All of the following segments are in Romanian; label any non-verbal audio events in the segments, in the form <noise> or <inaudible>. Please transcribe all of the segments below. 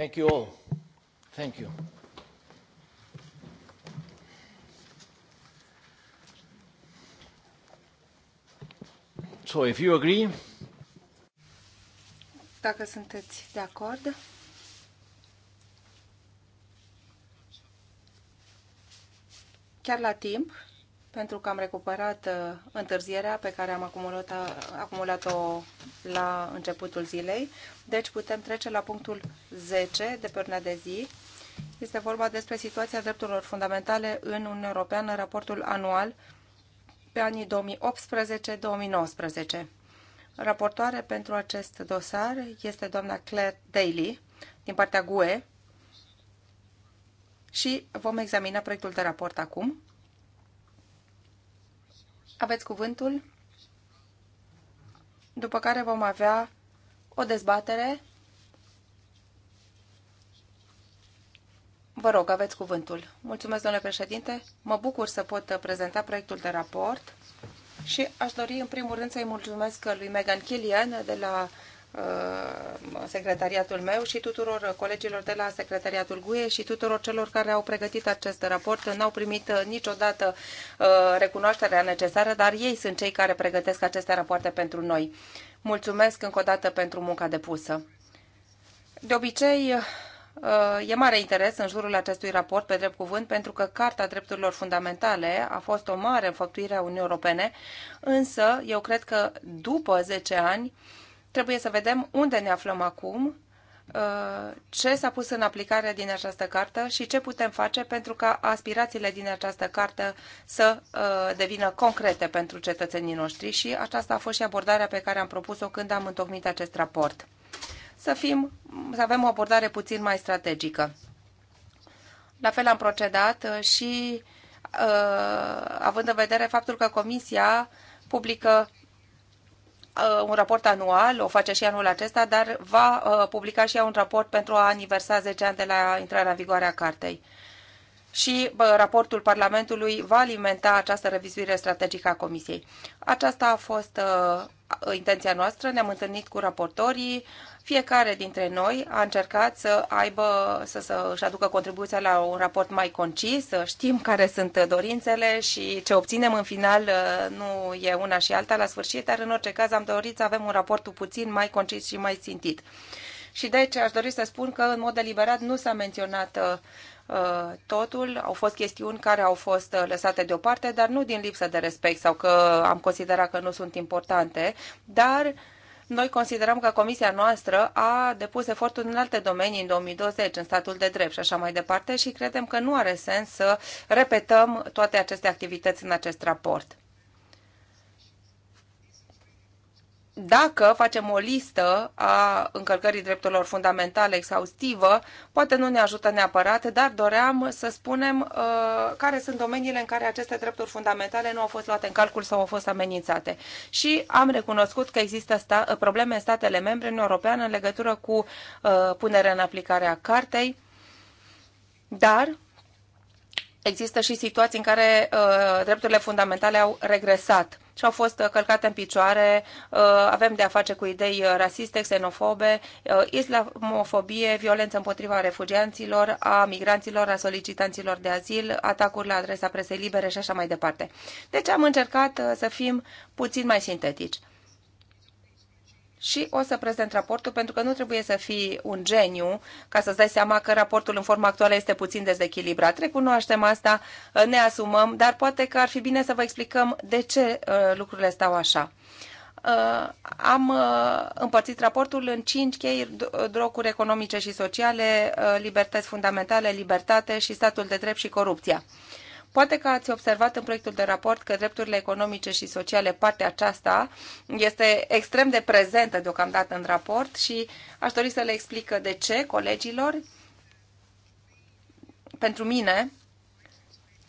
Thank you all. Thank you. So if you agree, dacă sunteți de acord, chiar la timp, pentru că am recuperat uh, întârzierea pe care am acumulat-o acumulat la începutul zilei. Deci putem trece la punctul 10 de pe urmă de zi. Este vorba despre situația drepturilor fundamentale în Uniunea Europeană, raportul anual pe anii 2018-2019. Raportoare pentru acest dosar este doamna Claire Daly din partea GUE și vom examina proiectul de raport acum. Aveți cuvântul, după care vom avea o dezbatere. Vă rog, aveți cuvântul. Mulțumesc, domnule președinte. Mă bucur să pot prezenta proiectul de raport și aș dori, în primul rând, să-i mulțumesc lui Megan Killian de la Uh, secretariatul meu și tuturor colegilor de la secretariatul GUE și tuturor celor care au pregătit acest raport. N-au primit uh, niciodată uh, recunoașterea necesară, dar ei sunt cei care pregătesc aceste rapoarte pentru noi. Mulțumesc încă o dată pentru munca depusă. De obicei, E mare interes în jurul acestui raport, pe drept cuvânt, pentru că Carta Drepturilor Fundamentale a fost o mare înfăptuire a Uniunii Europene, însă eu cred că după 10 ani Trebuie să vedem unde ne aflăm acum, uh, ce s-a pus în aplicare din această carte și ce putem face pentru ca aspirațiile din această carte să uh, devină concrete pentru cetățenii noștri și aceasta a fost și abordarea pe care am propus-o când am întocmit acest raport. Să, fim, să avem o abordare puțin mai strategică. La fel am procedat uh, și având în vedere faptul că Comisia publică Uh, un raport anual, o face și anul acesta, dar va uh, publica și ea un raport pentru a aniversa 10 ani de la intrarea în vigoare a cartei. Și bă, raportul Parlamentului va alimenta această revizuire strategică a Comisiei. Aceasta a fost uh, intenția noastră, ne-am întâlnit cu raportorii, fiecare dintre noi a încercat să aibă, să, să își aducă contribuția la un raport mai concis, să știm care sunt dorințele și ce obținem în final uh, nu e una și alta la sfârșit, dar în orice caz am dorit să avem un raport puțin mai concis și mai țintit. Și de deci aș dori să spun că în mod deliberat nu s-a menționat uh, totul. Au fost chestiuni care au fost uh, lăsate deoparte, dar nu din lipsă de respect sau că am considerat că nu sunt importante, dar uh, noi considerăm că comisia noastră a depus eforturi în alte domenii în 2020, în statul de drept și așa mai departe și credem că nu are sens să repetăm toate aceste activități în acest raport. dacă facem o listă a încălcării drepturilor fundamentale exhaustivă, poate nu ne ajută neapărat, dar doream să spunem uh, care sunt domeniile în care aceste drepturi fundamentale nu au fost luate în calcul sau au fost amenințate. Și am recunoscut că există sta- probleme în statele membre în Europeană în legătură cu uh, punerea în aplicare a cartei, dar există și situații în care uh, drepturile fundamentale au regresat și au fost uh, călcate în picioare. Uh, avem de a face cu idei uh, rasiste, xenofobe, uh, islamofobie, violență împotriva refugianților, a migranților, a solicitanților de azil, atacuri la adresa presei libere și așa mai departe. Deci am încercat uh, să fim puțin mai sintetici și o să prezent raportul, pentru că nu trebuie să fii un geniu ca să-ți dai seama că raportul în forma actuală este puțin dezechilibrat. Recunoaștem asta, ne asumăm, dar poate că ar fi bine să vă explicăm de ce uh, lucrurile stau așa. Uh, am uh, împărțit raportul în cinci chei, drocuri economice și sociale, libertăți fundamentale, libertate și statul de drept și corupția. Poate că ați observat în proiectul de raport că drepturile economice și sociale, partea aceasta, este extrem de prezentă deocamdată în raport și aș dori să le explică de ce colegilor. Pentru mine,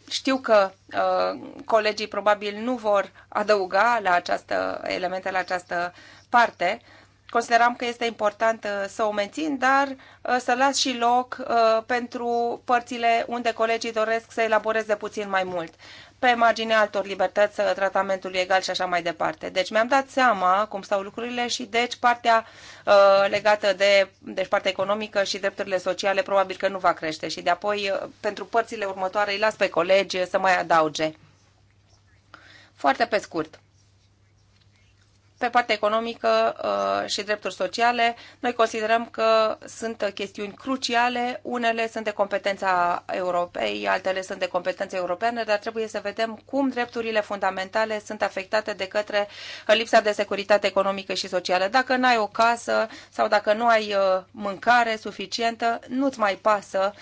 știu că uh, colegii probabil nu vor adăuga la această elemente la această parte, consideram că este important uh, să o mențin, dar uh, să las și loc uh, pentru părțile unde colegii doresc să elaboreze puțin mai mult pe marginea altor libertăți, tratamentul egal și așa mai departe. Deci mi-am dat seama cum stau lucrurile și deci partea uh, legată de, deci partea economică și drepturile sociale probabil că nu va crește și de apoi pentru părțile următoare îi las pe colegi să mai adauge. Foarte pe scurt. Pe partea economică uh, și drepturi sociale, noi considerăm că sunt chestiuni cruciale. Unele sunt de competența Europei, altele sunt de competență europeană, dar trebuie să vedem cum drepturile fundamentale sunt afectate de către uh, lipsa de securitate economică și socială. Dacă n-ai o casă sau dacă nu ai uh, mâncare suficientă, nu-ți mai pasă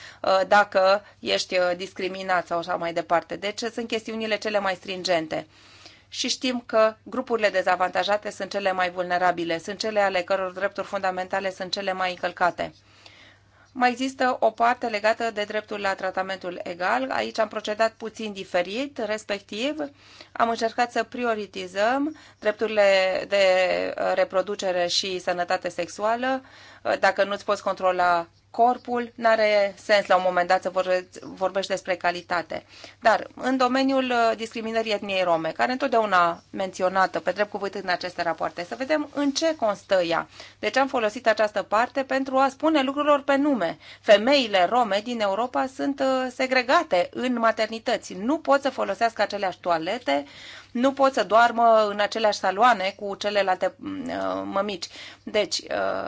dacă ești discriminat sau așa mai departe. Deci sunt chestiunile cele mai stringente și știm că grupurile dezavantajate sunt cele mai vulnerabile, sunt cele ale căror drepturi fundamentale sunt cele mai încălcate. Mai există o parte legată de dreptul la tratamentul egal. Aici am procedat puțin diferit, respectiv am încercat să prioritizăm drepturile de reproducere și sănătate sexuală. Dacă nu-ți poți controla corpul, nu are sens la un moment dat să vorbești despre calitate. Dar în domeniul uh, discriminării etniei rome, care întotdeauna menționată pe drept cuvânt în aceste rapoarte, să vedem în ce constă ea. Deci am folosit această parte pentru a spune lucrurilor pe nume. Femeile rome din Europa sunt uh, segregate în maternități. Nu pot să folosească aceleași toalete, nu pot să doarmă în aceleași saloane cu celelalte uh, mămici. Deci,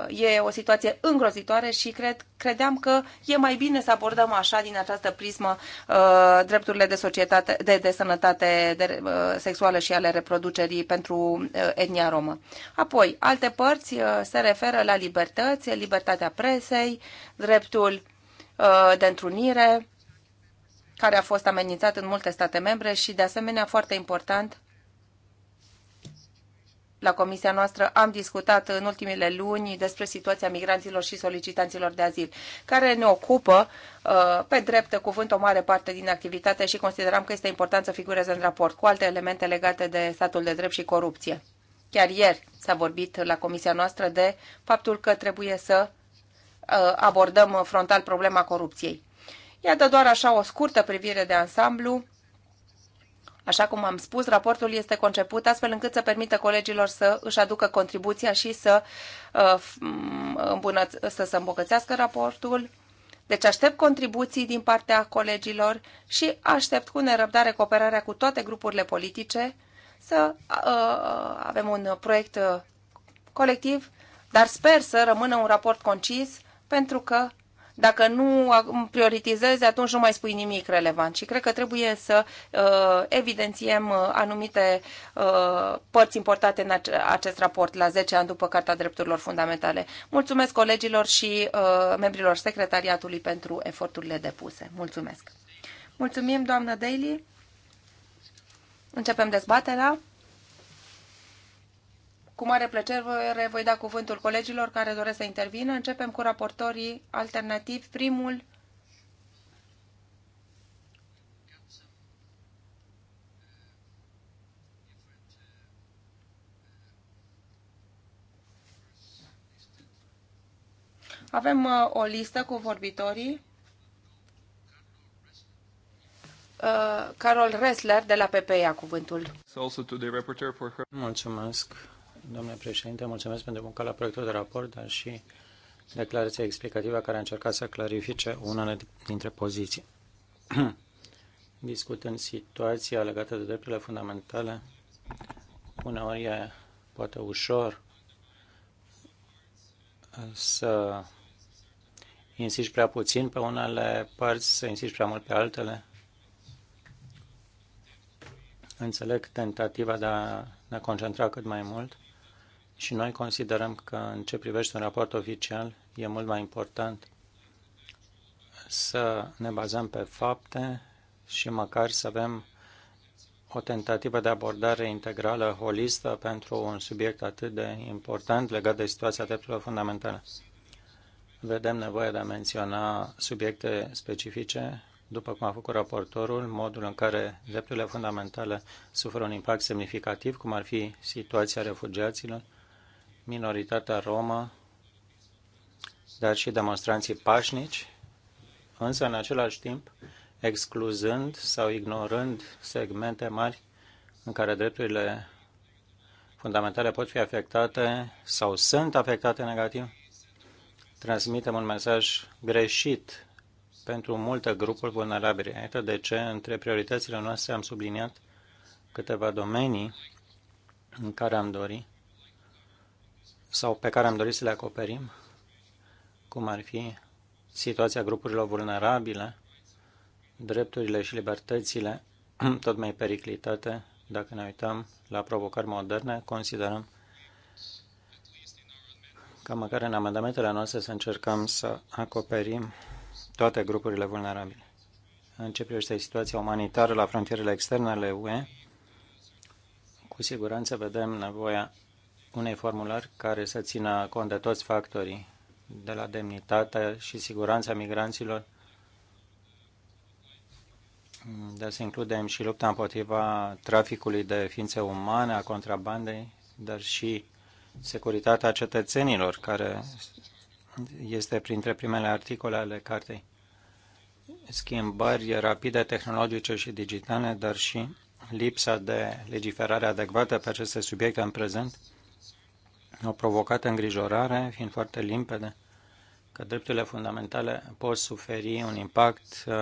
uh, e o situație îngrozitoare și cred, credeam că e mai bine să abordăm așa, din această prismă, uh, drepturile de, societate, de, de sănătate de, sexuală și ale reproducerii pentru etnia romă. Apoi, alte părți se referă la libertăți, libertatea presei, dreptul de întrunire, care a fost amenințat în multe state membre și, de asemenea, foarte important, la comisia noastră am discutat în ultimele luni despre situația migranților și solicitanților de azil, care ne ocupă uh, pe drept cuvânt o mare parte din activitate și considerăm că este important să figureze în raport cu alte elemente legate de statul de drept și corupție. Chiar ieri s-a vorbit la comisia noastră de faptul că trebuie să uh, abordăm frontal problema corupției. Iată doar așa o scurtă privire de ansamblu. Așa cum am spus, raportul este conceput astfel încât să permită colegilor să își aducă contribuția și să, uh, să se îmbogățească raportul. Deci aștept contribuții din partea colegilor și aștept cu nerăbdare cooperarea cu toate grupurile politice să uh, avem un proiect uh, colectiv, dar sper să rămână un raport concis pentru că dacă nu prioritizezi, atunci nu mai spui nimic relevant. Și cred că trebuie să uh, evidențiem uh, anumite uh, părți importante în acest raport la 10 ani după Carta Drepturilor Fundamentale. Mulțumesc colegilor și uh, membrilor secretariatului pentru eforturile depuse. Mulțumesc! Mulțumim, doamnă Daly! Începem dezbaterea. Cu mare plăcere voi da cuvântul colegilor care doresc să intervină. Începem cu raportorii alternativi. Primul, Avem uh, o listă cu vorbitorii. Uh, Carol Ressler de la PPE a cuvântul. Mulțumesc. Domnule președinte, mulțumesc pentru munca la proiectul de raport, dar și declarația explicativă care a încercat să clarifice unele dintre poziții. <clears throat> Discutând situația legată de drepturile fundamentale, uneori e poate ușor să insiști prea puțin pe unele părți, să insiști prea mult pe altele. Înțeleg tentativa de a ne concentra cât mai mult și noi considerăm că în ce privește un raport oficial e mult mai important să ne bazăm pe fapte și măcar să avem o tentativă de abordare integrală, holistă, pentru un subiect atât de important legat de situația drepturilor fundamentale. Vedem nevoia de a menționa subiecte specifice, după cum a făcut raportorul, modul în care drepturile fundamentale suferă un impact semnificativ, cum ar fi situația refugiaților, minoritatea romă, dar și demonstranții pașnici, însă în același timp excluzând sau ignorând segmente mari în care drepturile fundamentale pot fi afectate sau sunt afectate negativ, transmitem un mesaj greșit pentru multe grupuri vulnerabile. Iată de ce între prioritățile noastre am subliniat câteva domenii în care am dori sau pe care am dorit să le acoperim, cum ar fi situația grupurilor vulnerabile, drepturile și libertățile <clears throat> tot mai periclitate, dacă ne uităm la provocări moderne, considerăm că măcar în amendamentele noastre să încercăm să acoperim toate grupurile vulnerabile. În ce privește situația umanitară la frontierele externe ale UE, cu siguranță vedem nevoia unei formulări care să țină cont de toți factorii, de la demnitatea și siguranța migranților, de să includem și lupta împotriva traficului de ființe umane, a contrabandei, dar și securitatea cetățenilor, care este printre primele articole ale cartei. Schimbări rapide tehnologice și digitale, dar și lipsa de legiferare adecvată pe aceste subiecte în prezent au provocat îngrijorare, fiind foarte limpede că drepturile fundamentale pot suferi un impact uh,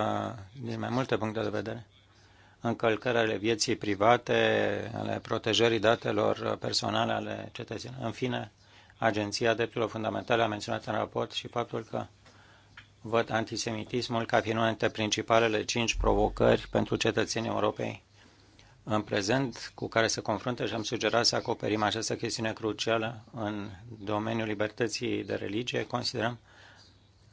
din mai multe puncte de vedere. Încălcări ale vieții private, ale protejării datelor personale ale cetățenilor. În fine, Agenția Drepturilor Fundamentale a menționat în raport și faptul că văd antisemitismul ca fiind una dintre principalele cinci provocări pentru cetățenii Europei în prezent cu care se confruntă și am sugerat să acoperim această chestiune crucială în domeniul libertății de religie. Considerăm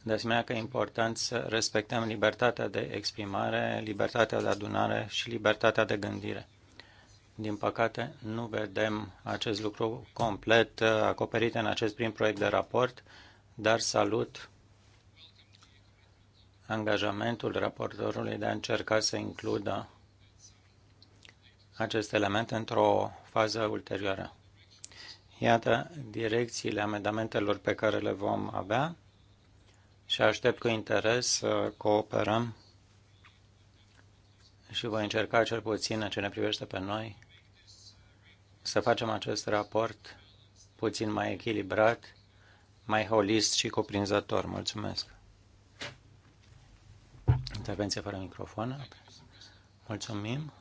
de asemenea că e important să respectăm libertatea de exprimare, libertatea de adunare și libertatea de gândire. Din păcate, nu vedem acest lucru complet uh, acoperit în acest prim proiect de raport, dar salut angajamentul raportorului de a încerca să includă acest element într-o fază ulterioară. Iată direcțiile amendamentelor pe care le vom avea și aștept cu interes să cooperăm și voi încerca cel puțin în ce ne privește pe noi să facem acest raport puțin mai echilibrat, mai holist și cuprinzător. Mulțumesc. Intervenție fără microfon. Mulțumim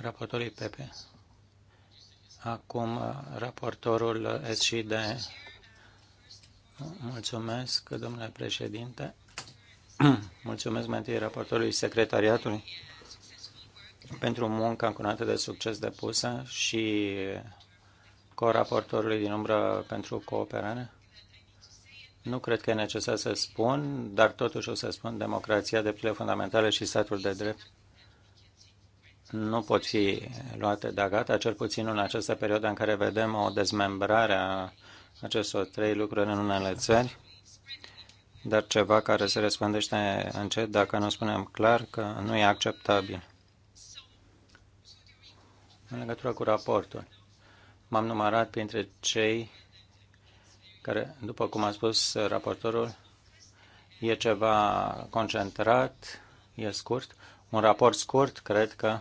raportorii Pepe. Acum raportorul SCD. Mulțumesc, domnule președinte. <clears throat> Mulțumesc mai întâi raportorului secretariatului pentru munca încunată de succes depusă și co co-raportorului din umbră pentru cooperare. Nu cred că e necesar să spun, dar totuși o să spun democrația, drepturile fundamentale și statul de drept nu pot fi luate de gata, cel puțin în această perioadă în care vedem o dezmembrare a acestor trei lucruri în unele țări, dar ceva care se răspândește încet dacă nu spunem clar că nu e acceptabil. În legătură cu raportul, m-am numărat printre cei care, după cum a spus raportorul, e ceva concentrat, e scurt, un raport scurt, cred că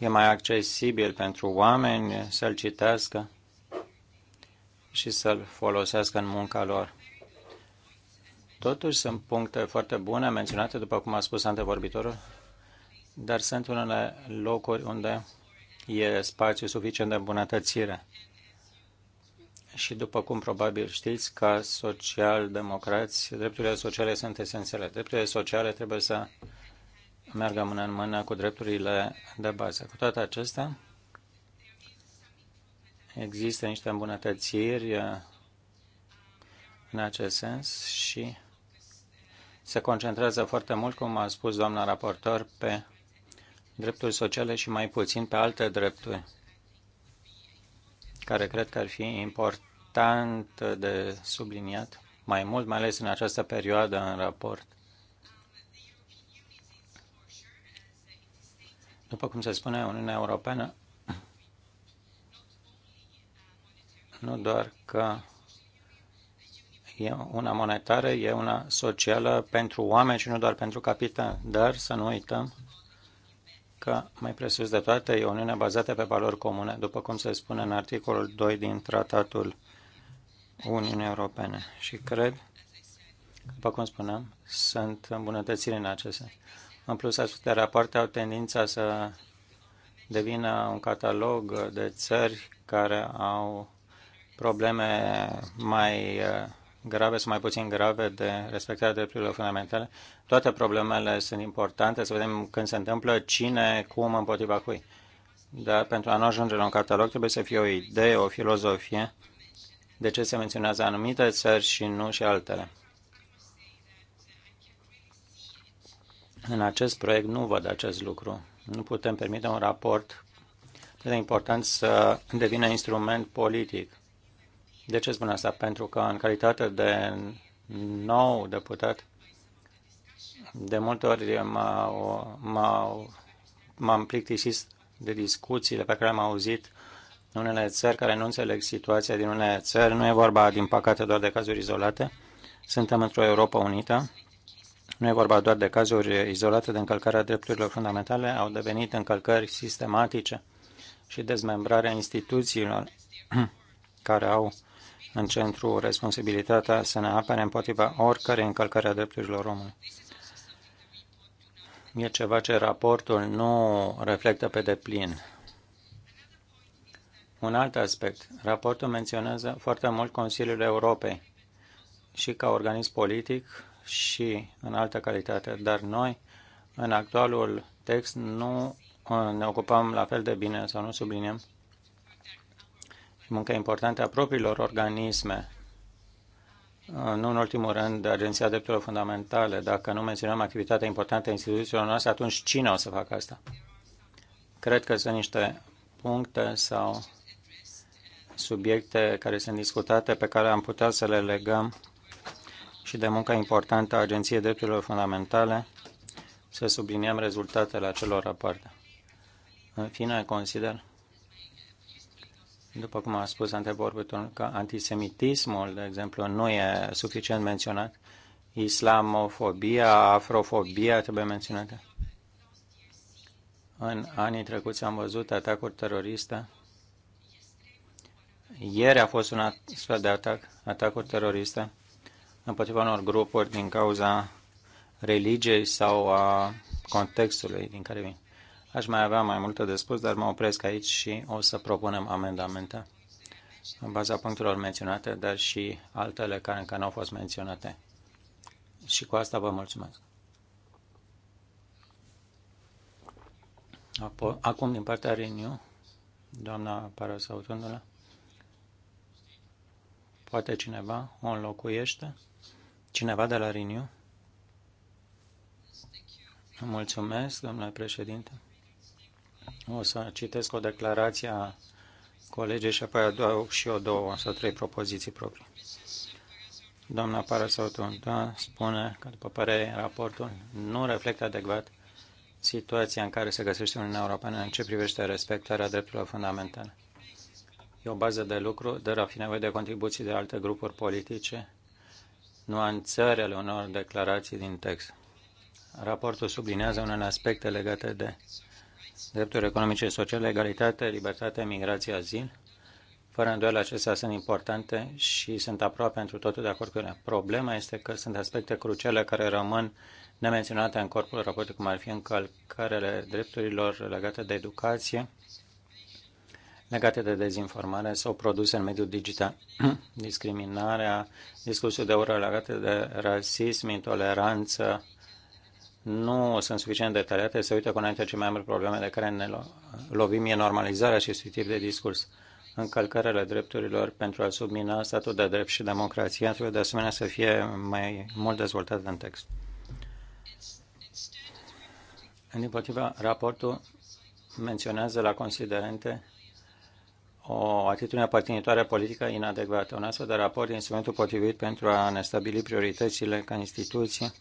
e mai accesibil pentru oameni să-l citească și să-l folosească în munca lor. Totuși sunt puncte foarte bune menționate, după cum a spus antevorbitorul, dar sunt unele locuri unde e spațiu suficient de îmbunătățire. Și după cum probabil știți, ca social-democrați, drepturile sociale sunt esențiale. Drepturile sociale trebuie să meargă mână în mână cu drepturile de bază. Cu toate acestea, există niște îmbunătățiri uh, în acest sens și se concentrează foarte mult, cum a spus doamna raportor, pe drepturi sociale și mai puțin pe alte drepturi, care cred că ar fi important de subliniat mai mult, mai ales în această perioadă în raport După cum se spune, Uniunea Europeană nu doar că e una monetară, e una socială pentru oameni și nu doar pentru capital, dar să nu uităm că mai presus de toate e Uniunea bazată pe valori comune, după cum se spune în articolul 2 din Tratatul Uniunii Europene. Și cred, după cum spuneam, sunt îmbunătățiri în acestea. În plus, aceste rapoarte au tendința să devină un catalog de țări care au probleme mai eh, grave sau mai puțin grave de respectarea drepturilor fundamentale. Toate problemele sunt importante, să vedem când se întâmplă, cine, cum, împotriva cui. Dar pentru a nu ajunge la un catalog trebuie să fie o idee, o filozofie de ce se menționează anumite țări și nu și altele. În acest proiect nu văd acest lucru. Nu putem permite un raport de important să devină instrument politic. De ce spun asta? Pentru că în calitate de nou deputat, de multe ori m-am plictisit de discuțiile pe care am auzit în unele țări care nu înțeleg situația din unele țări. Nu e vorba, din păcate, doar de cazuri izolate. Suntem într-o Europa unită nu e vorba doar de cazuri izolate de încălcarea drepturilor fundamentale, au devenit încălcări sistematice și dezmembrarea instituțiilor <clears throat> care au în centru responsabilitatea să ne apere împotriva oricărei încălcări a drepturilor omului. E ceva ce raportul nu reflectă pe deplin. Un alt aspect. Raportul menționează foarte mult Consiliul Europei și ca organism politic și în altă calitate, dar noi, în actualul text, nu uh, ne ocupăm la fel de bine sau nu subliniem munca importantă a propriilor organisme. Uh, nu în ultimul rând, Agenția Drepturilor Fundamentale. Dacă nu menționăm activitatea importantă a instituțiilor noastre, atunci cine o să facă asta? Cred că sunt niște puncte sau subiecte care sunt discutate pe care am putea să le legăm și de munca importantă a Agenției Drepturilor Fundamentale, să subliniem rezultatele acelor rapoarte. În fine, consider, după cum a spus antevorbitul, că antisemitismul, de exemplu, nu e suficient menționat, islamofobia, afrofobia trebuie menționată. În anii trecuți am văzut atacuri teroriste. Ieri a fost un astfel de atac, atacuri teroriste împotriva unor grupuri din cauza religiei sau a contextului din care vin. Aș mai avea mai multe de spus, dar mă opresc aici și o să propunem amendamente în baza punctelor menționate, dar și altele care încă nu au fost menționate. Și cu asta vă mulțumesc. Acum, din partea Renew, doamna Parasautundula, poate cineva o înlocuiește? Cineva de la Renew? Mulțumesc, domnule președinte. O să citesc o declarație a colegii și apoi adaug și eu două sau trei propoziții proprii. Doamna da, spune că, după părere, raportul nu reflectă adecvat situația în care se găsește Uniunea Europeană în ce privește respectarea drepturilor fundamentale. E o bază de lucru, dar ar fi nevoie de contribuții de alte grupuri politice nuanțările unor declarații din text. Raportul sublinează unele aspecte legate de drepturi economice, sociale, egalitate, libertate, migrație, azil. Fără îndoială, acestea sunt importante și sunt aproape pentru totul de acord cu ele. Problema este că sunt aspecte cruciale care rămân nemenționate în corpul raportului, cum ar fi încălcările drepturilor legate de educație, legate de dezinformare sau produse în mediul digital, <clears throat> discriminarea, discursul de ură legate de rasism, intoleranță, nu sunt suficient de detaliate, se uită cu înainte ce mai mult probleme de care ne lovim e normalizarea acestui tip de discurs. Încălcările drepturilor pentru a submina statul de drept și democrația trebuie de asemenea să fie mai mult dezvoltat în text. Din potriva, raportul menționează la considerente o atitudine aparținitoare politică inadecvată. Un astfel de raport e instrumentul potrivit pentru a ne stabili prioritățile ca instituții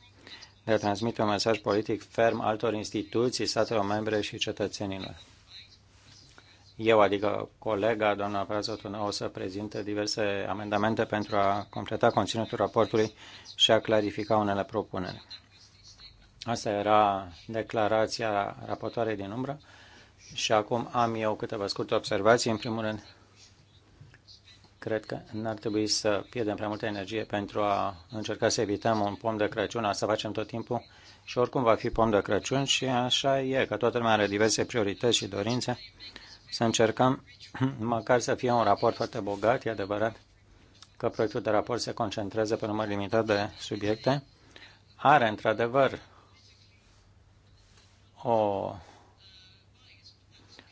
de a transmite un mesaj politic ferm altor instituții, statelor membre și cetățenilor. Eu, adică colega, doamna Prazotuna, o să prezintă diverse amendamente pentru a completa conținutul raportului și a clarifica unele propuneri. Asta era declarația raportoarei din umbră. Și acum am eu câteva scurte observații. În primul rând, cred că n-ar trebui să pierdem prea multă energie pentru a încerca să evităm un pom de Crăciun. Asta facem tot timpul și oricum va fi pom de Crăciun și așa e, că toată lumea are diverse priorități și dorințe. Să încercăm <clears throat> măcar să fie un raport foarte bogat, e adevărat că proiectul de raport se concentrează pe număr limitat de subiecte. Are, într-adevăr, o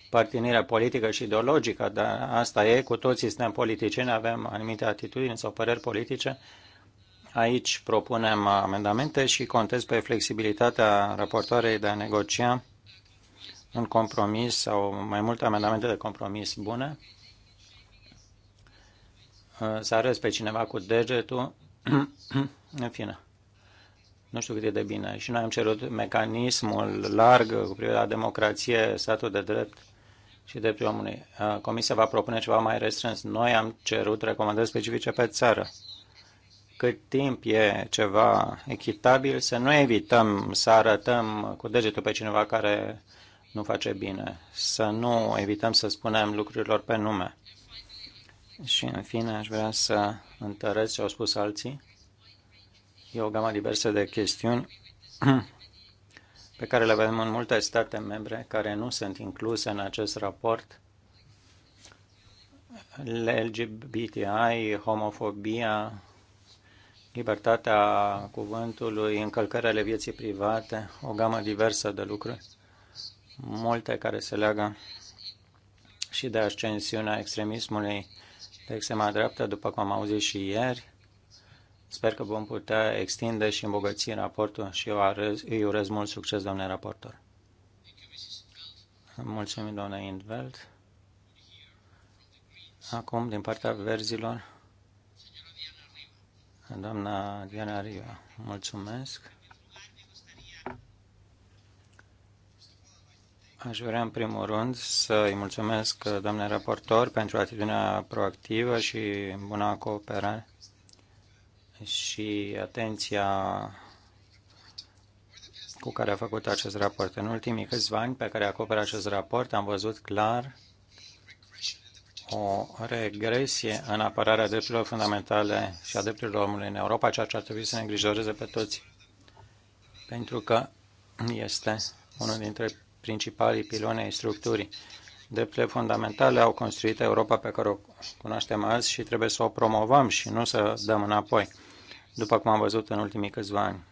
părtinire politică și ideologică, dar asta e, cu toții suntem politicieni, avem anumite atitudini sau păreri politice. Aici propunem amendamente și contez pe flexibilitatea raportoarei de a negocia un compromis sau mai multe amendamente de compromis bune. Să arăți pe cineva cu degetul. <clears throat> În fine. Nu știu cât e de bine. Și noi am cerut mecanismul larg cu privire la democrație, statul de drept, și drepturile omului. Comisia va propune ceva mai restrâns. Noi am cerut recomandări specifice pe țară. Cât timp e ceva echitabil, să nu evităm să arătăm cu degetul pe cineva care nu face bine, să nu evităm să spunem lucrurilor pe nume. Și, în fine, aș vrea să întăresc ce au spus alții. E o gamă diversă de chestiuni <clears throat> pe care le vedem în multe state membre care nu sunt incluse în acest raport, LGBTI, homofobia, libertatea cuvântului, încălcările vieții private, o gamă diversă de lucruri, multe care se leagă și de ascensiunea extremismului de extrema dreaptă, după cum am auzit și ieri, Sper că vom putea extinde și îmbogăți raportul și eu arăz, îi urez mult succes, domnule raportor. Mulțumim, doamna Indveld. Acum, din partea verzilor, doamna Diana Riva. Mulțumesc. Aș vrea în primul rând să îi mulțumesc, doamne raportor, pentru atitudinea proactivă și buna cooperare și atenția cu care a făcut acest raport. În ultimii câțiva ani pe care acoperă acest raport am văzut clar o regresie în apărarea drepturilor fundamentale și a drepturilor omului în Europa, ceea ce ar trebui să ne îngrijoreze pe toți, pentru că este unul dintre principalii piloni ai structurii. Drepturile fundamentale au construit Europa pe care o cunoaștem azi și trebuie să o promovăm și nu să dăm înapoi după cum am văzut în ultimii câțiva ani.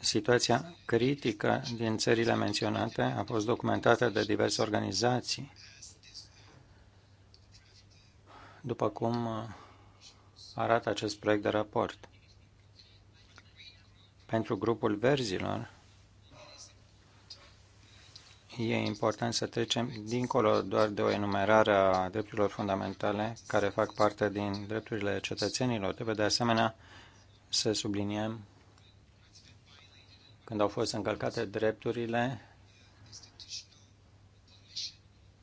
Situația critică din țările menționate a fost documentată de diverse organizații, după cum uh, arată acest proiect de raport. Pentru grupul verzilor, e important să trecem dincolo doar de o enumerare a drepturilor fundamentale care fac parte din drepturile cetățenilor. Trebuie de asemenea să subliniem când au fost încălcate drepturile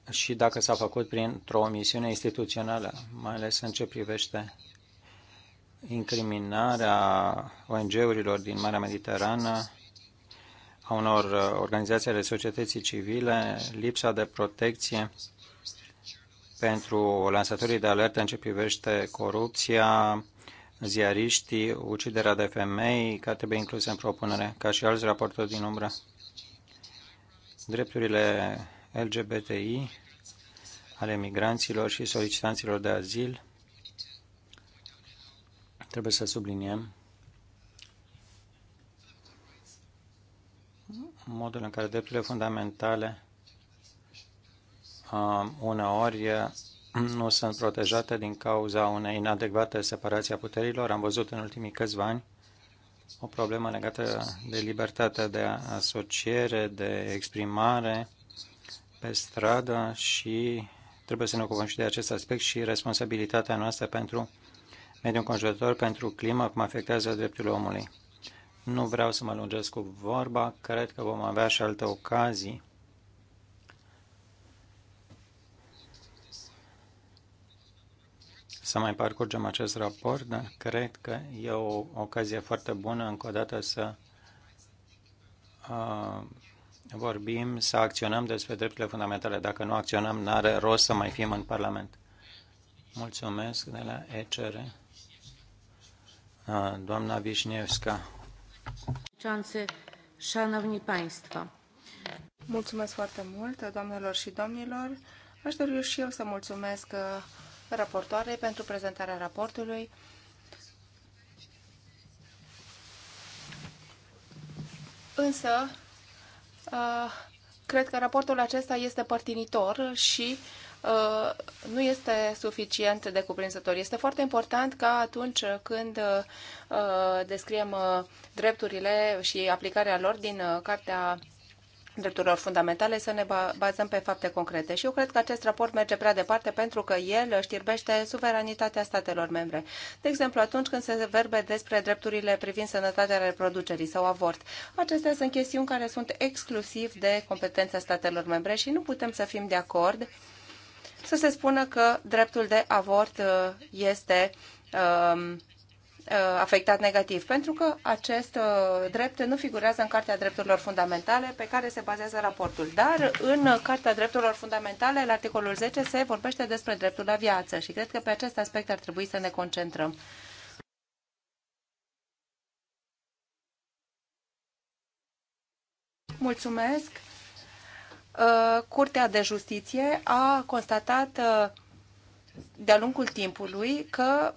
și dacă s-a făcut printr-o misiune instituțională, mai ales în ce privește incriminarea ONG-urilor din Marea Mediterană, a unor uh, organizații ale societății civile, lipsa de protecție pentru lansatorii de alertă în ce privește corupția, ziariștii, uciderea de femei, care trebuie incluse în propunere, ca și alți raportori din umbră. Drepturile LGBTI ale migranților și solicitanților de azil. Trebuie să subliniem modul în care drepturile fundamentale uh, uneori uh, <clears throat> nu sunt protejate din cauza unei inadecvate separații a puterilor. Am văzut în ultimii câțiva ani o problemă legată de libertatea de asociere, de exprimare pe stradă și trebuie să ne ocupăm și de acest aspect și responsabilitatea noastră pentru mediul înconjurător, pentru climă, cum afectează drepturile omului. Nu vreau să mă lungesc cu vorba, cred că vom avea și alte ocazii. Să mai parcurgem acest raport, dar cred că e o ocazie foarte bună încă o dată să uh, vorbim, să acționăm despre drepturile fundamentale. Dacă nu acționăm, n-are rost să mai fim în Parlament. Mulțumesc de la ECR. Doamna Vișnevska. Mulțumesc foarte mult, doamnelor și domnilor. Aș dori și eu să mulțumesc uh, raportoarei pentru prezentarea raportului. Însă, uh, cred că raportul acesta este părtinitor și Uh, nu este suficient de cuprinzător. Este foarte important ca atunci când uh, descriem uh, drepturile și aplicarea lor din Cartea drepturilor fundamentale să ne bazăm pe fapte concrete. Și eu cred că acest raport merge prea departe pentru că el știrbește suveranitatea statelor membre. De exemplu, atunci când se verbe despre drepturile privind sănătatea reproducerii sau avort, acestea sunt chestiuni care sunt exclusiv de competența statelor membre și nu putem să fim de acord uh, să se spună că dreptul de avort uh, este um, uh, afectat negativ, pentru că acest uh, drept nu figurează în Cartea Drepturilor Fundamentale pe care se bazează raportul. Dar în Cartea Drepturilor Fundamentale, la articolul 10, se vorbește despre dreptul la viață și cred că pe acest aspect ar trebui să ne concentrăm. Mulțumesc! Uh, Curtea de Justiție a constatat uh, de-a lungul timpului că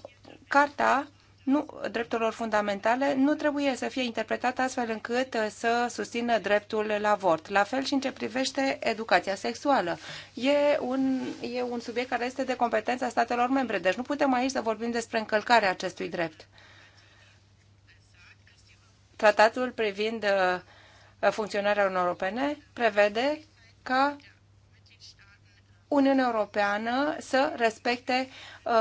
Carta nu, drepturilor fundamentale nu trebuie să fie interpretată astfel încât uh, să susțină dreptul la avort. La fel și în ce privește educația sexuală. E un, e un subiect care este de competența statelor membre, deci nu putem aici să vorbim despre încălcarea acestui drept. Tratatul privind funcționarea Uniunii Europene prevede ca Uniunea Europeană să respecte uh,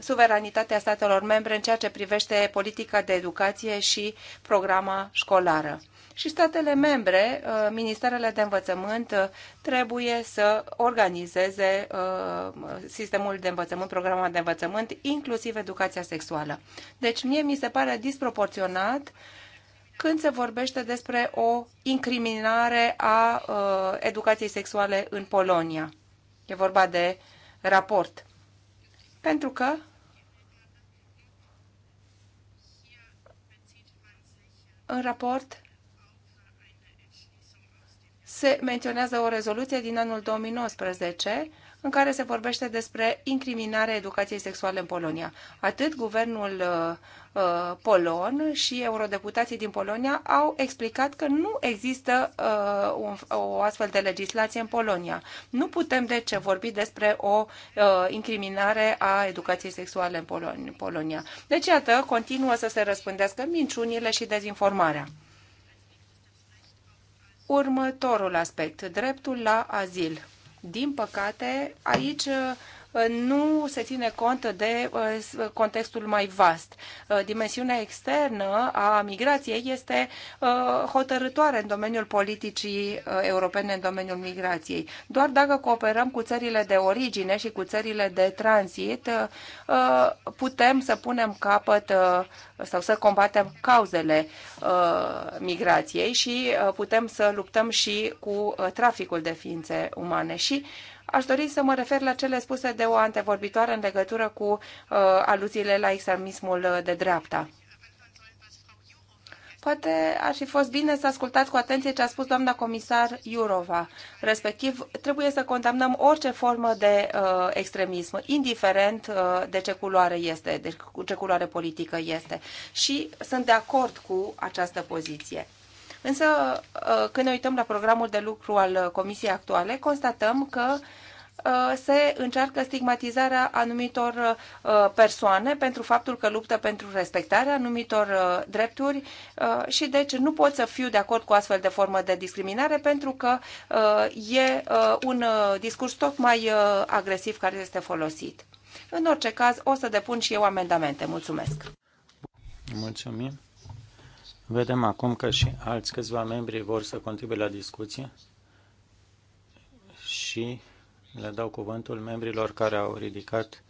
suveranitatea statelor membre în ceea ce privește politica de educație și programa școlară. Și statele membre, uh, ministerele de învățământ, uh, trebuie să organizeze uh, sistemul de învățământ, programa de învățământ, inclusiv educația sexuală. Deci mie mi se pare disproporționat uh, când se vorbește despre o incriminare a uh, educației sexuale în Polonia. E vorba de raport. Pentru că în raport se menționează o rezoluție din anul 2019 în care se vorbește despre incriminarea educației sexuale în Polonia. Atât guvernul uh, uh, polon și eurodeputații din Polonia au explicat că nu există uh, un, o astfel de legislație în Polonia. Nu putem, deci, vorbi despre o uh, incriminare a educației sexuale în Polonia. Deci, iată, continuă să se răspândească minciunile și dezinformarea. Următorul aspect, dreptul la azil din păcate, aici nu se ține cont de uh, contextul mai vast. Uh, dimensiunea externă a migrației este uh, hotărătoare în domeniul politicii europene, în domeniul migrației. Doar dacă cooperăm cu țările de origine și cu țările de tranzit, putem să punem capăt sau să combatem cauzele migrației și putem să luptăm și cu traficul de ființe umane. Și Aș dori să mă refer la cele spuse de o antevorbitoare în legătură cu uh, aluziile la extremismul de dreapta. Poate ar fi fost bine să ascultați cu atenție ce a spus doamna comisar Iurova. Respectiv, trebuie să condamnăm orice formă de uh, extremism, indiferent uh, de ce culoare este, de ce culoare politică este. Și sunt de acord cu această poziție. Însă, uh, când ne uităm la programul de lucru al uh, comisiei actuale, constatăm că uh, Uh, se încearcă stigmatizarea anumitor uh, persoane pentru faptul că luptă pentru respectarea anumitor uh, drepturi și deci nu pot să fiu de acord cu astfel de formă de discriminare pentru că e un discurs tot mai agresiv care este folosit. În orice caz, o să depun și eu amendamente. Mulțumesc! Mulțumim! Vedem acum că și alți câțiva membri vor să contribuie la discuție și le dau cuvântul membrilor care au ridicat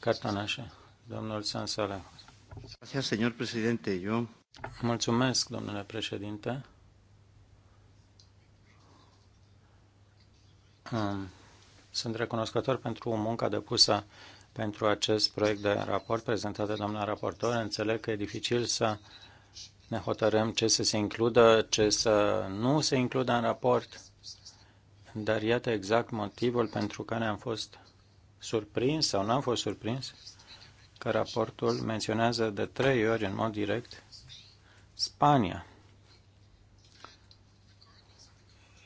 cartonașe. Domnul Sansala. Mulțumesc, domnule președinte. Um, sunt recunoscător pentru munca depusă pentru acest proiect de raport prezentat de doamna raportor. Înțeleg că e dificil să ne hotărăm ce să se includă, ce să nu se includă în raport dar iată exact motivul pentru care am fost surprins sau n-am fost surprins că raportul menționează de trei ori în mod direct Spania.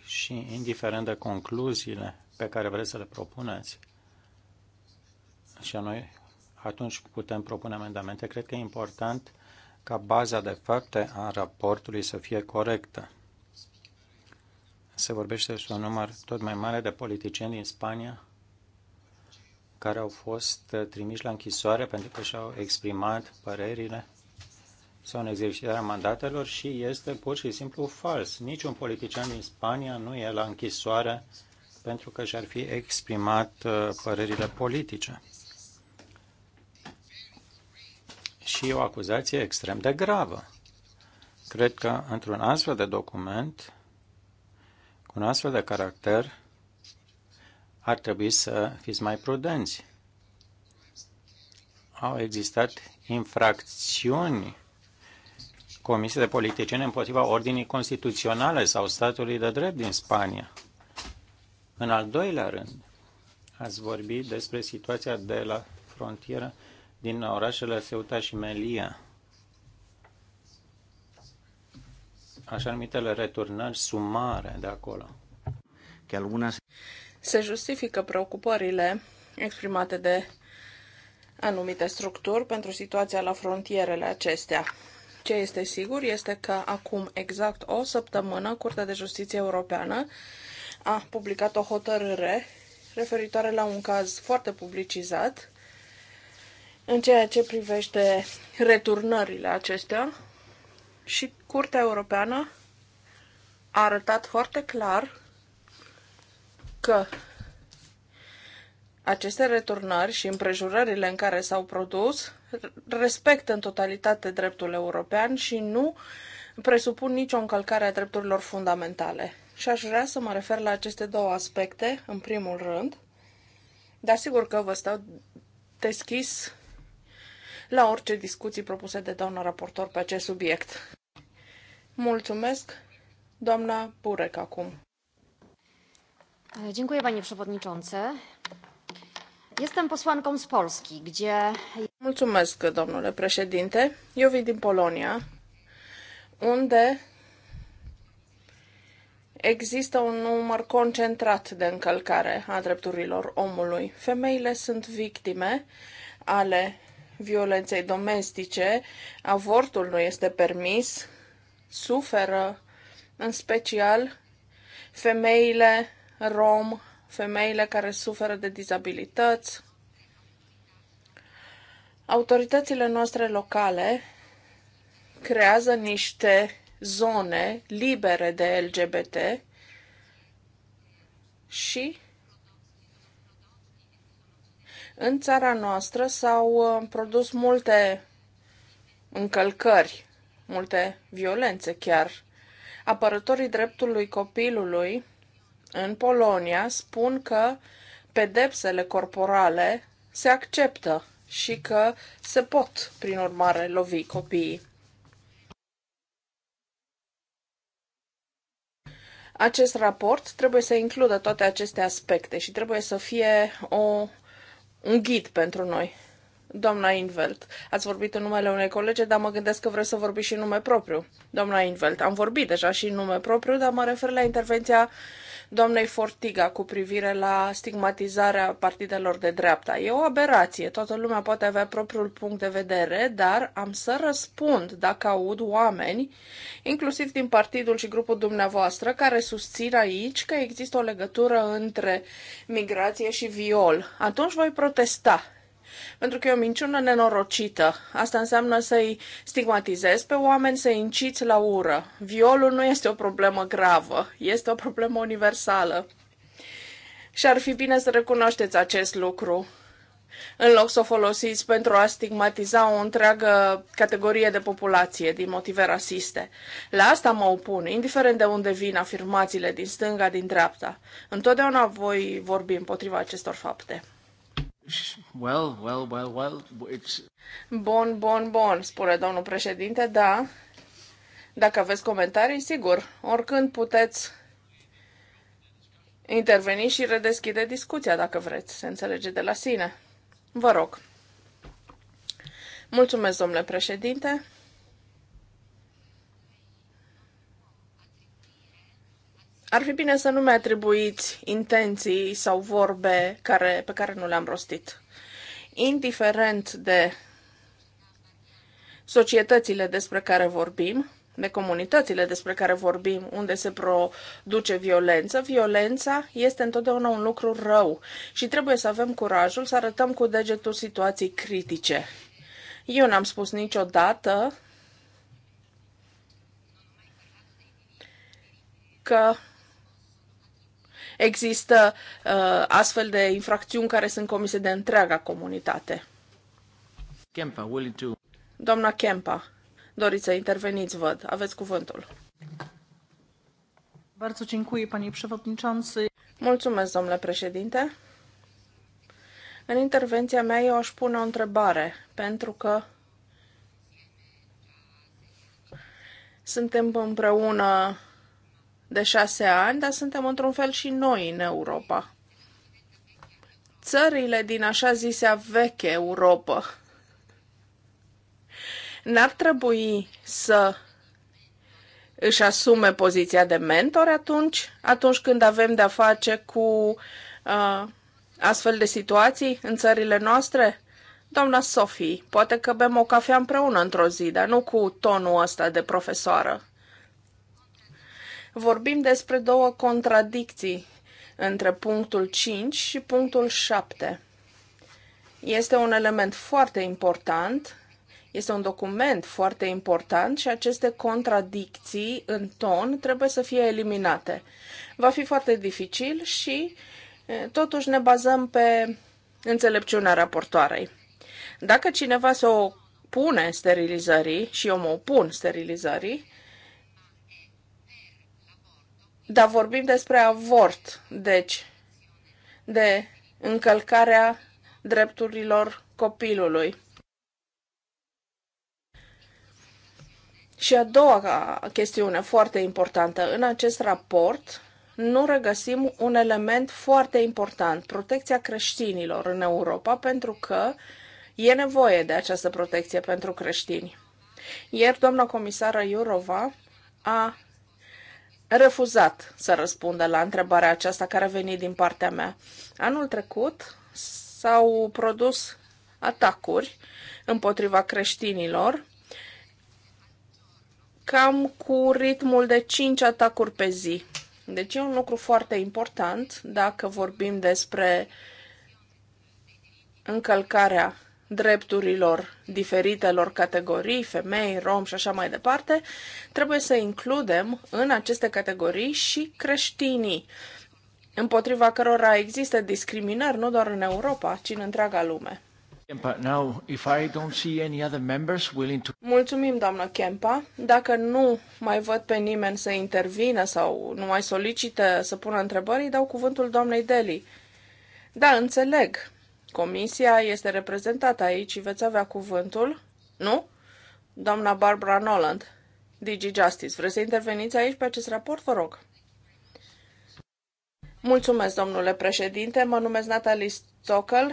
Și indiferent de concluziile pe care vreți să le propuneți, și noi atunci putem propune amendamente, cred că e important ca baza de fapte a raportului să fie corectă se vorbește despre un număr tot mai mare de politicieni din Spania care au fost uh, trimiși la închisoare pentru că și-au exprimat părerile sau în exercitarea mandatelor și este pur și simplu fals. Niciun politician din Spania nu e la închisoare pentru că și-ar fi exprimat uh, părerile politice. Și e o acuzație extrem de gravă. Cred că într-un astfel de document un astfel de caracter ar trebui să fiți mai prudenți. Au existat infracțiuni comise de politicieni împotriva ordinii constituționale sau statului de drept din Spania. În al doilea rând, ați vorbit despre situația de la frontieră din orașele Ceuta și Melia. așa numitele returnări sumare de acolo. Că algunas... Se justifică preocupările exprimate de anumite structuri pentru situația la frontierele acestea. Ce este sigur este că acum exact o săptămână Curtea de Justiție Europeană a publicat o hotărâre referitoare la un caz foarte publicizat în ceea ce privește returnările acestea și Curtea Europeană a arătat foarte clar că aceste returnări și împrejurările în care s-au produs respectă în totalitate dreptul european și nu presupun nicio încălcare a drepturilor fundamentale. Și aș vrea să mă refer la aceste două aspecte, în primul rând, dar sigur că vă stau deschis la orice discuții propuse de doamna raportor pe acest subiect. Mulțumesc, doamna Burek, acum. Dziękuję, panie przewodniczący. Jestem posłanką z Polski, gdzie... Mulțumesc, domnule președinte. Eu vin din Polonia, unde există un număr concentrat de încălcare a drepturilor omului. Femeile sunt victime ale violenței domestice, avortul nu este permis, suferă în special femeile rom, femeile care suferă de dizabilități. Autoritățile noastre locale creează niște zone libere de LGBT și în țara noastră s-au uh, produs multe încălcări multe violențe chiar. Apărătorii dreptului copilului în Polonia spun că pedepsele corporale se acceptă și că se pot, prin urmare, lovi copiii. Acest raport trebuie să includă toate aceste aspecte și trebuie să fie o, un ghid pentru noi. Doamna Invelt, ați vorbit în numele unei colege, dar mă gândesc că vreți să vorbiți și în nume propriu. Doamna Invelt, am vorbit deja și în nume propriu, dar mă refer la intervenția doamnei Fortiga cu privire la stigmatizarea partidelor de dreapta. E o aberație, toată lumea poate avea propriul punct de vedere, dar am să răspund dacă aud oameni, inclusiv din partidul și grupul dumneavoastră, care susțin aici că există o legătură între migrație și viol. Atunci voi protesta pentru că e o minciună nenorocită. Asta înseamnă să-i stigmatizezi pe oameni, să-i inciți la ură. Violul nu este o problemă gravă, este o problemă universală. Și ar fi bine să recunoașteți acest lucru în loc să o folosiți pentru a stigmatiza o întreagă categorie de populație din motive rasiste. La asta mă opun, indiferent de unde vin afirmațiile din stânga, din dreapta. Întotdeauna voi vorbi împotriva acestor fapte. Well, well, well, well, it's... Bun, bun, bun, spune domnul președinte, da. Dacă aveți comentarii, sigur, oricând puteți interveni și redeschide discuția, dacă vreți, se înțelege de la sine. Vă rog. Mulțumesc, domnule președinte. Ar fi bine să nu mi atribuiți intenții sau vorbe care, pe care nu le-am rostit. Indiferent de societățile despre care vorbim, de comunitățile despre care vorbim, unde se produce violență, violența este întotdeauna un lucru rău și trebuie să avem curajul să arătăm cu degetul situații critice. Eu n-am spus niciodată că există uh, astfel de infracțiuni care sunt comise de întreaga comunitate. Kempa, to... Doamna Kempa, doriți să interveniți, văd. Aveți cuvântul. Mulțumesc, domnule președinte. În intervenția mea eu aș pune o întrebare, pentru că suntem împreună de șase ani, dar suntem într-un fel și noi în Europa. Țările din așa zisea veche Europa n-ar trebui să își asume poziția de mentor atunci, atunci când avem de-a face cu uh, astfel de situații în țările noastre? Doamna Sofie, poate că bem o cafea împreună într-o zi, dar nu cu tonul ăsta de profesoară. Vorbim despre două contradicții între punctul 5 și punctul 7. Este un element foarte important, este un document foarte important și aceste contradicții în ton trebuie să fie eliminate. Va fi foarte dificil și totuși ne bazăm pe înțelepciunea raportoarei. Dacă cineva se opune sterilizării și eu mă opun sterilizării, dar vorbim despre avort, deci de încălcarea drepturilor copilului. Și a doua chestiune foarte importantă. În acest raport nu regăsim un element foarte important, protecția creștinilor în Europa, pentru că e nevoie de această protecție pentru creștini. Ieri, doamna comisară Iurova a refuzat să răspundă la întrebarea aceasta care a venit din partea mea. Anul trecut s-au produs atacuri împotriva creștinilor, cam cu ritmul de 5 atacuri pe zi. Deci e un lucru foarte important dacă vorbim despre încălcarea drepturilor diferitelor categorii, femei, rom și așa mai departe, trebuie să includem în aceste categorii și creștinii, împotriva cărora există discriminări nu doar în Europa, ci în întreaga lume. Mulțumim, doamnă Kempa. Dacă nu mai văd pe nimeni să intervină sau nu mai solicită să pună întrebări, dau cuvântul doamnei Deli. Da, înțeleg Comisia este reprezentată aici și veți avea cuvântul, nu? Doamna Barbara Noland, DG Justice, vreți să interveniți aici pe acest raport, vă rog? Mulțumesc, domnule președinte. Mă numesc Natalie Stockel.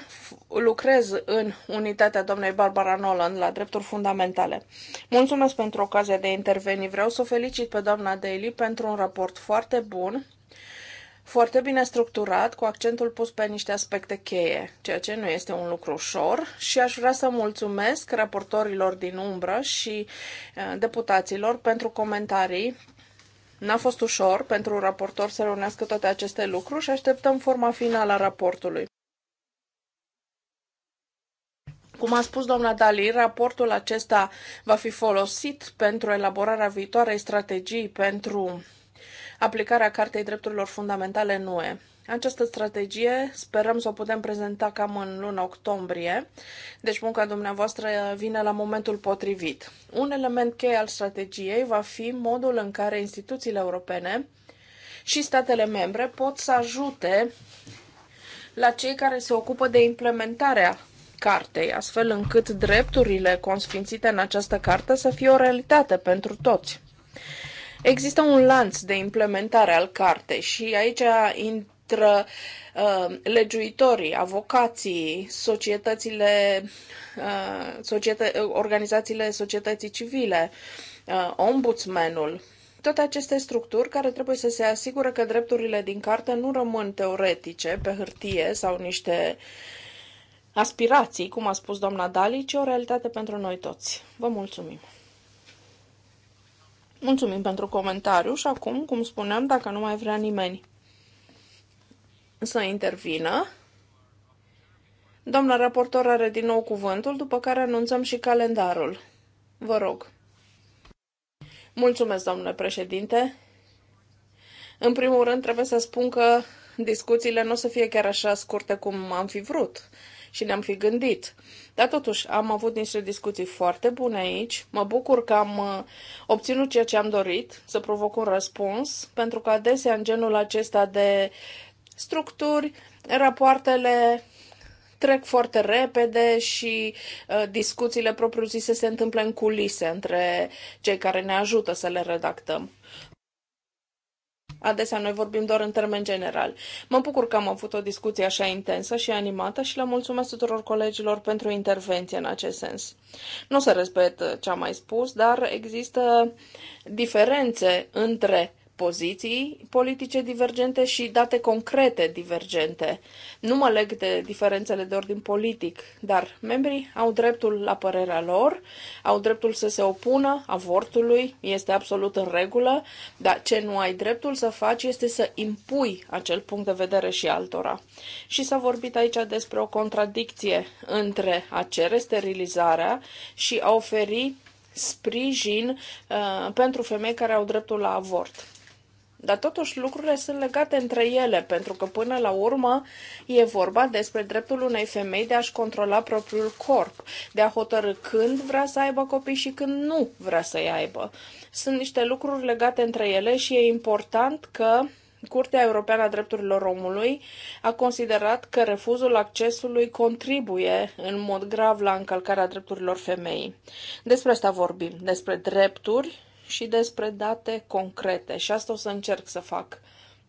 Lucrez în unitatea doamnei Barbara Noland la drepturi fundamentale. Mulțumesc pentru ocazia de a interveni. Vreau să o felicit pe doamna Daly pentru un raport foarte bun foarte bine structurat, cu accentul pus pe niște aspecte cheie, ceea ce nu este un lucru ușor și aș vrea să mulțumesc raportorilor din umbră și eh, deputaților pentru comentarii. N-a fost ușor pentru raportor să reunească toate aceste lucruri și așteptăm forma finală a raportului. Cum a spus doamna Dali, raportul acesta va fi folosit pentru elaborarea viitoarei strategii pentru aplicarea Cartei Drepturilor Fundamentale în UE. Această strategie sperăm să o putem prezenta cam în luna octombrie, deci munca dumneavoastră vine la momentul potrivit. Un element cheie al strategiei va fi modul în care instituțiile europene și statele membre pot să ajute la cei care se ocupă de implementarea cartei, astfel încât drepturile consfințite în această carte să fie o realitate pentru toți. Există un lanț de implementare al cartei și aici intră uh, legiuitorii, avocații, societățile, uh, societă- organizațiile societății civile, uh, ombudsmanul, toate aceste structuri care trebuie să se asigure că drepturile din carte nu rămân teoretice pe hârtie sau niște aspirații, cum a spus doamna Dali, ci o realitate pentru noi toți. Vă mulțumim! Mulțumim pentru comentariu și acum, cum spuneam, dacă nu mai vrea nimeni să intervină, doamna raportor are din nou cuvântul, după care anunțăm și calendarul. Vă rog. Mulțumesc, domnule președinte. În primul rând, trebuie să spun că discuțiile nu o să fie chiar așa scurte cum am fi vrut și ne-am fi gândit. Dar totuși am avut niște discuții foarte bune aici. Mă bucur că am uh, obținut ceea ce am dorit, să provoc un răspuns, pentru că adesea în genul acesta de structuri, rapoartele trec foarte repede și uh, discuțiile propriu-zise se întâmplă în culise între cei care ne ajută să le redactăm. Adesea noi vorbim doar în termen general. Mă bucur că am avut o discuție așa intensă și animată și le mulțumesc tuturor colegilor pentru intervenție în acest sens. Nu o să respect ce am mai spus, dar există diferențe între poziții politice divergente și date concrete divergente. Nu mă leg de diferențele de ordin politic, dar membrii au dreptul la părerea lor, au dreptul să se opună avortului, este absolut în regulă, dar ce nu ai dreptul să faci este să impui acel punct de vedere și altora. Și s-a vorbit aici despre o contradicție între a cere sterilizarea și a oferi sprijin uh, pentru femei care au dreptul la avort. Dar totuși lucrurile sunt legate între ele, pentru că până la urmă e vorba despre dreptul unei femei de a-și controla propriul corp, de a hotărâ când vrea să aibă copii și când nu vrea să-i aibă. Sunt niște lucruri legate între ele și e important că Curtea Europeană a Drepturilor Omului a considerat că refuzul accesului contribuie în mod grav la încălcarea drepturilor femeii. Despre asta vorbim, despre drepturi și despre date concrete și asta o să încerc să fac.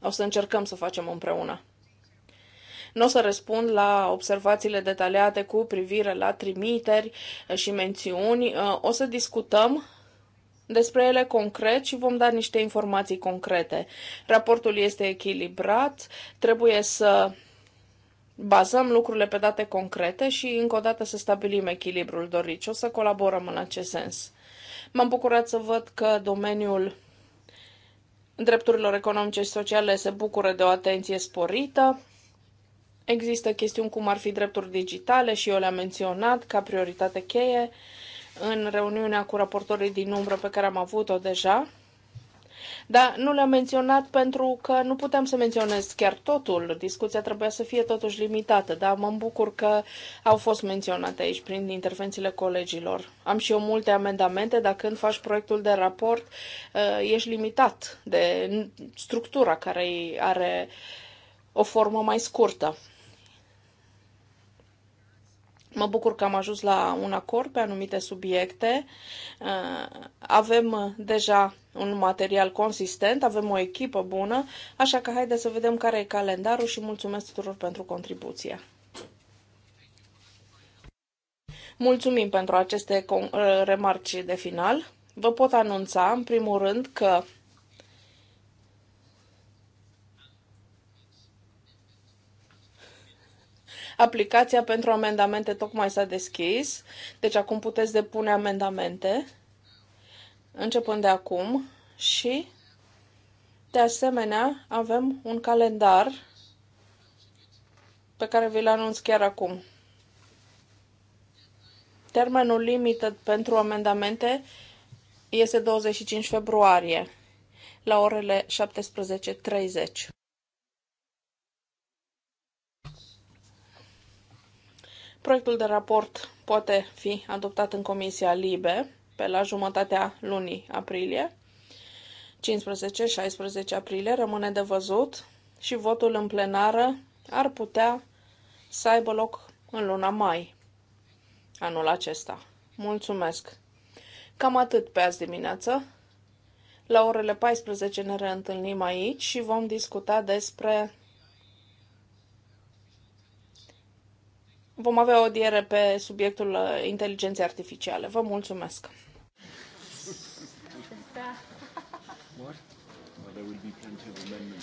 O să încercăm să facem împreună. Nu o să răspund la observațiile detaliate cu privire la trimiteri și mențiuni. Uh, o să discutăm despre ele concret și vom da niște informații concrete. Raportul este echilibrat, trebuie să bazăm lucrurile pe date concrete și încă o dată să stabilim echilibrul dorit o să colaborăm în acest sens. M-am bucurat să văd că domeniul drepturilor economice și sociale se bucură de o atenție sporită. Există chestiuni cum ar fi drepturi digitale și eu le-am menționat ca prioritate cheie în reuniunea cu raportorii din umbră pe care am avut-o deja dar nu le-am menționat pentru că nu putem să menționez chiar totul. Discuția trebuia să fie totuși limitată, dar mă bucur că au fost menționate aici prin intervențiile colegilor. Am și eu multe amendamente, dar când faci proiectul de raport, uh, ești limitat de structura care are o formă mai scurtă. Mă bucur că am ajuns la un acord pe anumite subiecte. Uh, avem uh, deja un material consistent, avem o echipă bună, așa că haideți să vedem care e calendarul și mulțumesc tuturor pentru contribuție. Mulțumim pentru aceste uh, remarci de final. Vă pot anunța, în primul rând, că Aplicația pentru amendamente tocmai s-a deschis, deci acum puteți depune amendamente, începând de acum și, de asemenea, avem un calendar pe care vi-l anunț chiar acum. Termenul limită pentru amendamente este 25 februarie la orele 17.30. Proiectul de raport poate fi adoptat în Comisia Libe pe la jumătatea lunii aprilie, 15-16 aprilie, rămâne de văzut și votul în plenară ar putea să aibă loc în luna mai anul acesta. Mulțumesc! Cam atât pe azi dimineață. La orele 14 ne reîntâlnim aici și vom discuta despre Vom avea o diere pe subiectul uh, inteligenței artificiale. Vă mulțumesc! Da. What? Well, there will be plenty of amendments.